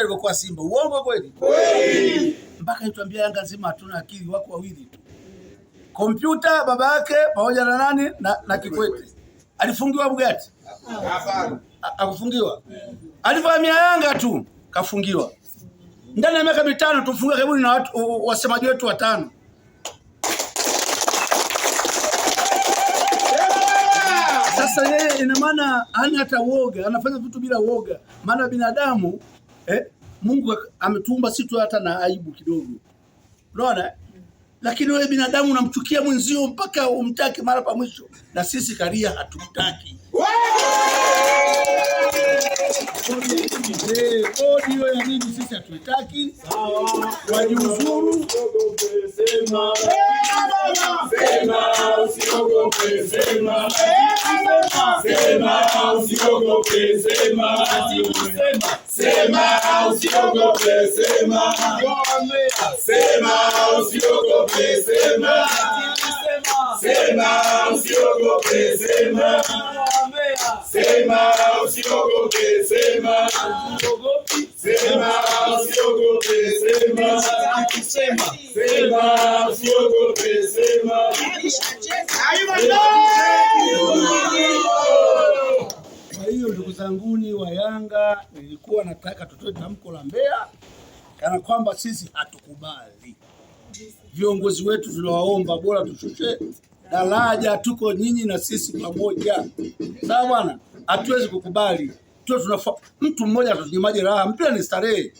alivyokuwa Simba. Uongo kweli? Mpaka itwambia Yanga nzima hatuna akili, wako wawili tu. Kompyuta baba yake pamoja na nani na, na Kikwete. Alifungiwa Bugatti? Akufungiwa. Alivyohamia Yanga tu kafungiwa. Ndani ya miaka mitano tufunga karibu na watu wasemaji wetu watano. Sasa yeye ina maana hana hata uoga, anafanya vitu bila uoga. Maana binadamu eh, Mungu ametuumba si tu hata na aibu kidogo, unaona lakini wewe binadamu unamchukia mwenzio mpaka umtake mara pa mwisho, na sisi Karia hatumtaki. nini? Sisi hatuitaki, wajiuzuru usiogope, sema sema, usiogope, sema sema, usiogope, sema sema, usiogope, sema sema, usiogope, sema sema, usiogope, sema Msanguni wa Yanga nilikuwa nataka tutoe tamko la Mbeya kana kwamba sisi hatukubali viongozi wetu, tunawaomba bora tushushe daraja, tuko nyinyi na sisi pamoja, sawa bwana. Hatuwezi kukubali tu, tunafa mtu mmoja atatunyamaje raha. Mpira ni starehe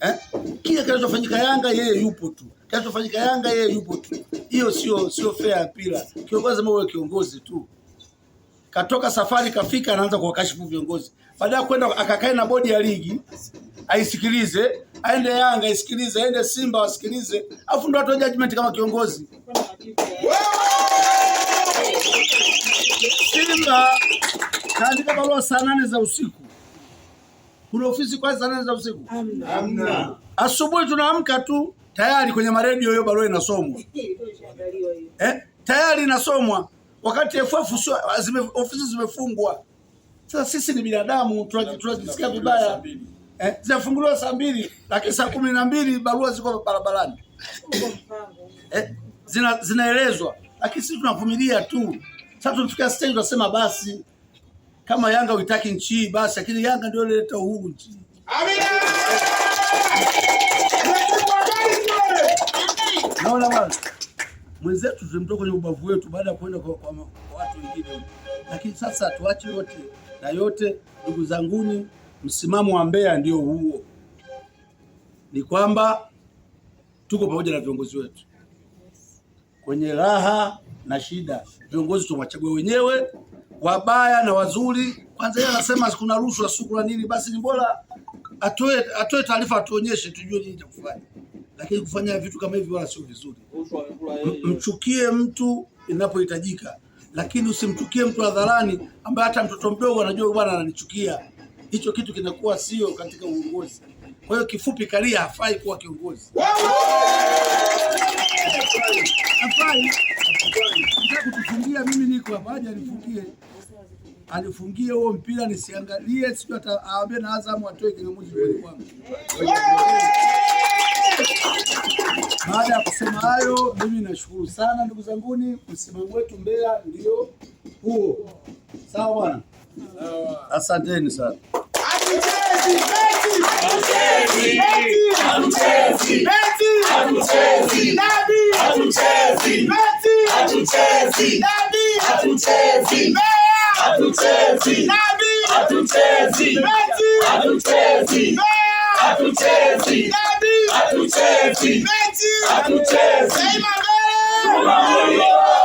eh? Kile kinachofanyika Yanga yeye yupo tu, kinachofanyika Yanga yeye yupo tu. Hiyo sio sio fair ya mpira. Kiongozi lazima kiongozi tu katoka safari kafika, anaanza kuwakashifu viongozi, baada ya kwenda akakae na bodi ya ligi aisikilize, aende Yanga aisikilize, aende Simba wasikilize, afu ndo atoe judgment kama kiongozi. Simba kaandika barua saa nane za usiku. Kuna ofisi kwa saa nane za usiku? Amna. Asubuhi tunaamka tu tayari kwenye maredio hiyo barua inasomwa eh, tayari inasomwa wakati FF zime, ofisi zimefungwa. Sasa sisi ni binadamu tunajisikia vibaya eh, zinafunguliwa saa mbili lakini saa kumi na mbili barua ziko barabarani eh, zina, zinaelezwa lakini sisi tunavumilia tu. Sasa tunafika stage tunasema basi, kama Yanga uitaki nchi basi, lakini Yanga ndio ileta uhuru nchi. Amina. Naona bwana mwenzetu tulimtoa kwenye ubavu wetu baada ya kwenda kwa, kwa, kwa watu wengine, lakini sasa tuache yote na yote. Ndugu zanguni, msimamo wa Mbeya ndio huo, ni kwamba tuko pamoja na viongozi wetu kwenye raha na shida. Viongozi tumwachagua wenyewe, wabaya na wazuri. Kwanza yeye anasema kuna rushwa, siku na nini, basi ni bora atoe atoe taarifa, atuonyeshe tujue nini cha kufanya, lakini kufanya vitu kama hivi wala sio vizuri mchukie mtu inapohitajika, lakini usimchukie mtu hadharani ambaye hata mtoto mdogo anajua bwana ananichukia. Hicho kitu kinakuwa sio katika uongozi. Kwa hiyo kifupi, Karia hafai kuwa kiongozi, Kutufungia mimi niko hapa, aje anifungie, anifungie huo mpira nisiangalie, sijui awaambie na Azamu atoe kingamuzi kwangu. Baada ya kusema hayo, mimi nashukuru sana ndugu zanguni, msimamo wetu Mbeya ndio huo. Sawa bwana, asanteni sana. Hatuchezi hatuchezi, hatuchezi, hatuchezi, tunaolewa